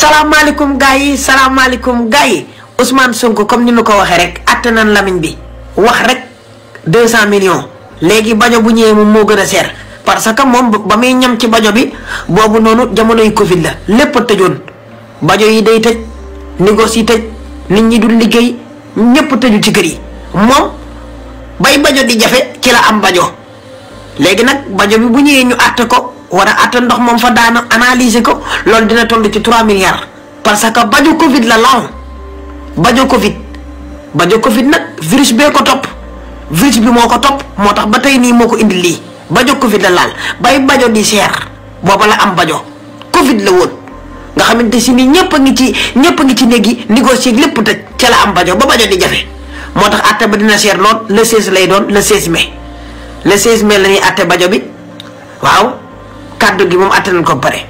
salaamaaleykum gars yi salaamaaleykum gars yi Ousmane Sonko comme ni nu ko waxee rek atte nan Lamine bi wax rek deux cent million léegi bajo bu ñëwee moom moo gën a seer parce que moom ba muy ñam ci bajo bi boobu noonu jamonoy Covid la lépp a tëjoon bajo yi day tëj négoce yi tëj nit ñi dul liggéey ñëpp tëju ci kër yi moom bay bajo di jafe ci la am bajo léegi nag bajo bi bu ñëwee ñu àtte ko war a ndox moom fa daana analyser ko loolu dina toll ci trois milliards parce que bajo Covid la laal bajo Covid bajo Covid nag virus bee ko topp virus bi moo ko topp moo tax ba tey nii moo ko indi lii bajo Covid la laal bay bajo di seer booba la am bajo Covid la woon nga xamante si ni ñëpp ngi ci ñëpp ngi ci néeg yi négocier lépp tëj ca la am bajo ba bajo di jafe moo tax atte ba dina seer lool le 16 lay doon le 16 mais le 16 mai la ñuy atte bajo bi waaw. kàddu gi moom attanan ko pare